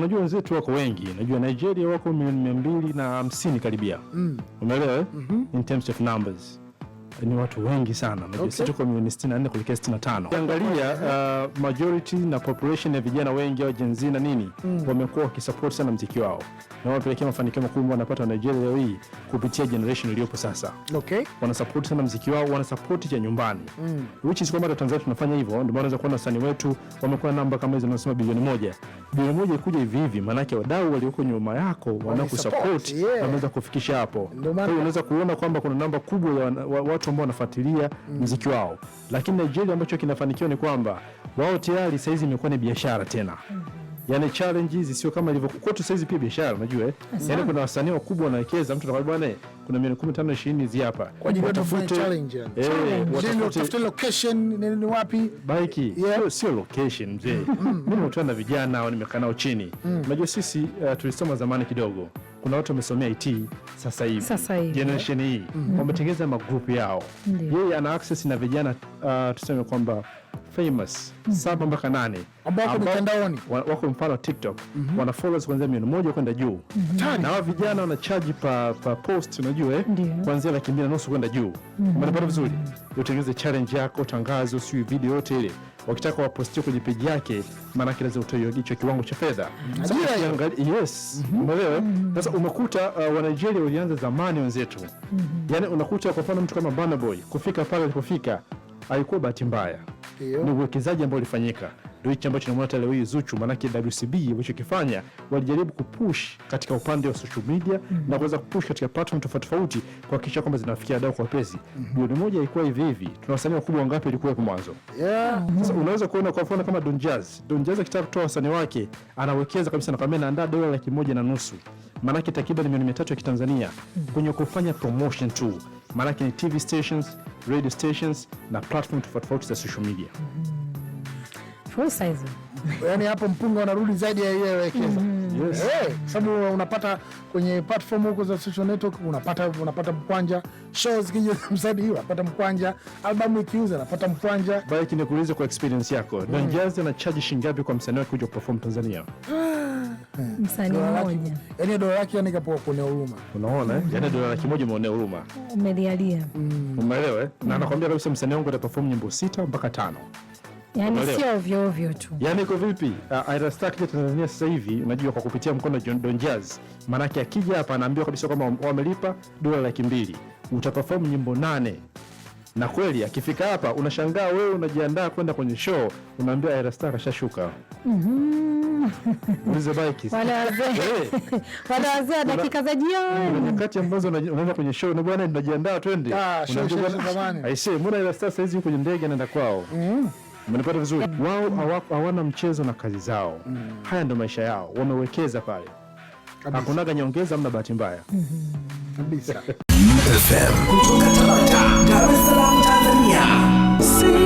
Unajua wenzetu wako wengi, najua Nigeria wako milioni mia mbili na hamsini karibia, mm. umeelewa? mm -hmm. in terms of numbers ni watu wengi sana, najua sisi tuko milioni 64 kuelekea 65. Ukiangalia uh, majority na population ya vijana wengi au Gen Z na nini, mm. wamekuwa wakisupport sana mziki wao na wamepelekea mafanikio makubwa wanapata wa Nigeria leo hii kupitia generation iliyopo sasa. Okay, wanasupport sana mziki wao, wanasupport cha nyumbani, mm. which is kwamba Tanzania tunafanya hivyo, ndio maana unaweza kuona wasanii wetu wamekuwa namba kama hizo, nasema bilioni moja bilioni moja ikuja hivi hivi, maanake wadau walioko nyuma yako wanakusupport yeah. Wanaweza kufikisha hapo. Kwa hiyo unaweza kuona kwamba kuna namba kubwa ya watu ambao wanafuatilia mm. mziki wao, lakini Nigeria ambacho kinafanikiwa ni kwamba wao tayari saizi imekuwa ni biashara tena mm yani challenges sio kama ilivyo kwetu sasa. Hizi pia biashara unajua eh, yani kuna wasanii wakubwa wanawekeza, mtu anakwambia bwana, kuna milioni 15 20 hizi hapa kwa ajili ya challenge, eh, watafute location ni wapi bike, sio location mzee. Mm. Mimi nimekutana na vijana au nimekaa nao chini, mm. unajua sisi eh, tulisoma zamani kidogo kuna watu wamesomea IT sasa hivi sasa hivi generation hii mm. wametengeza magrupu yao yeye ana access na vijana uh, tuseme kwamba famous mm. saba mpaka nane ambao wako mitandaoni, wako mfano TikTok mm -hmm. wana followers kuanzia milioni moja kwenda juu mm -hmm. na hao vijana wana charge pa, pa post unajua eh kuanzia laki mbili na nusu kwenda juu mm -hmm. umenipata vizuri, utengeneze challenge yako, tangazo, sio video yote ile wakitaka wapostia kwenye peji yake, maanake lazima utoe hicho kiwango cha fedha. Yes, mm-hmm. umeelewa? Mm-hmm. Sasa umekuta uh, Wanigeria walianza zamani wenzetu, mm-hmm. yani unakuta kwa mfano mtu kama Burna Boy kufika pale alipofika alikuwa bahati mbaya, ni uwekezaji ambao ulifanyika ndio hicho ambacho naona hata leo hii Zuchu, manake WCB walichokifanya walijaribu kupush katika upande wa social media mm -hmm. na kuweza kupush katika platform tofauti tofauti kuhakikisha kwamba zinafikia wadau kwa wepesi. Bilioni mhm. moja ilikuwa hivi hivi, tuna wasanii wakubwa wangapi walikuwa hapo mwanzo? yeah. mm -hmm. Sasa mhm. unaweza kuona kwa mfano kama Don Jazz. Don Jazz akitaka kutoa wasanii wake anawekeza kabisa na kamera, anaandaa dola laki moja na nusu maanake takriban milioni mia ya Kitanzania mhm. kwenye kufanya promotion tu, maanake ni TV stations, radio stations na platform tofauti tofauti za social media. mm -hmm fursa hizo yani hapo mpunga unarudi zaidi ya ile wekeza mhm. yes. Hey, eh, sababu unapata kwenye platform huko za social network unapata unapata mkwanja shows kija msanii unapata mkwanja albamu ikiuza unapata mkwanja. Baki nikuulize kwa experience yako mm. Don Jazzy ana charge shilingi ngapi kwa msanii wake kuja perform Tanzania? Eh, msanii mmoja yani dola laki yani kwenye yaani huruma, unaona mm -hmm. Eh? yani dola laki moja umeonea huruma, umelialia, mm. umeelewa mm. na kabisa msanii wangu ataperform nyimbo sita mpaka tano yani sio ovyo ovyo tu. Yani iko vipi? Uh, Airastar akija Tanzania sasa hivi, unajua kwa kupitia mkono John Don Jazz, Maana yake akija hapa anaambiwa kabisa kwamba wamelipa dola laki mbili utaperform nyimbo nane na kweli akifika hapa unashangaa, wewe unajiandaa kwenda kwenye show, unaambia Airastar kashashuka. mm -hmm. ulize bike wale wazee eh. dakika za jioni, Ni wakati ambazo unaenda kwenye show na bwana, unajiandaa twende, Ah, show zamani. Aisee, mbona sasa hizi yuko kwenye ndege anaenda kwao. Mhm. Umenipata vizuri? Mm. Wao hawana mchezo na kazi zao mm. Haya ndo maisha yao, wamewekeza pale, hakunaga nyongeza, amna bahati mbaya mm-hmm. kabisa.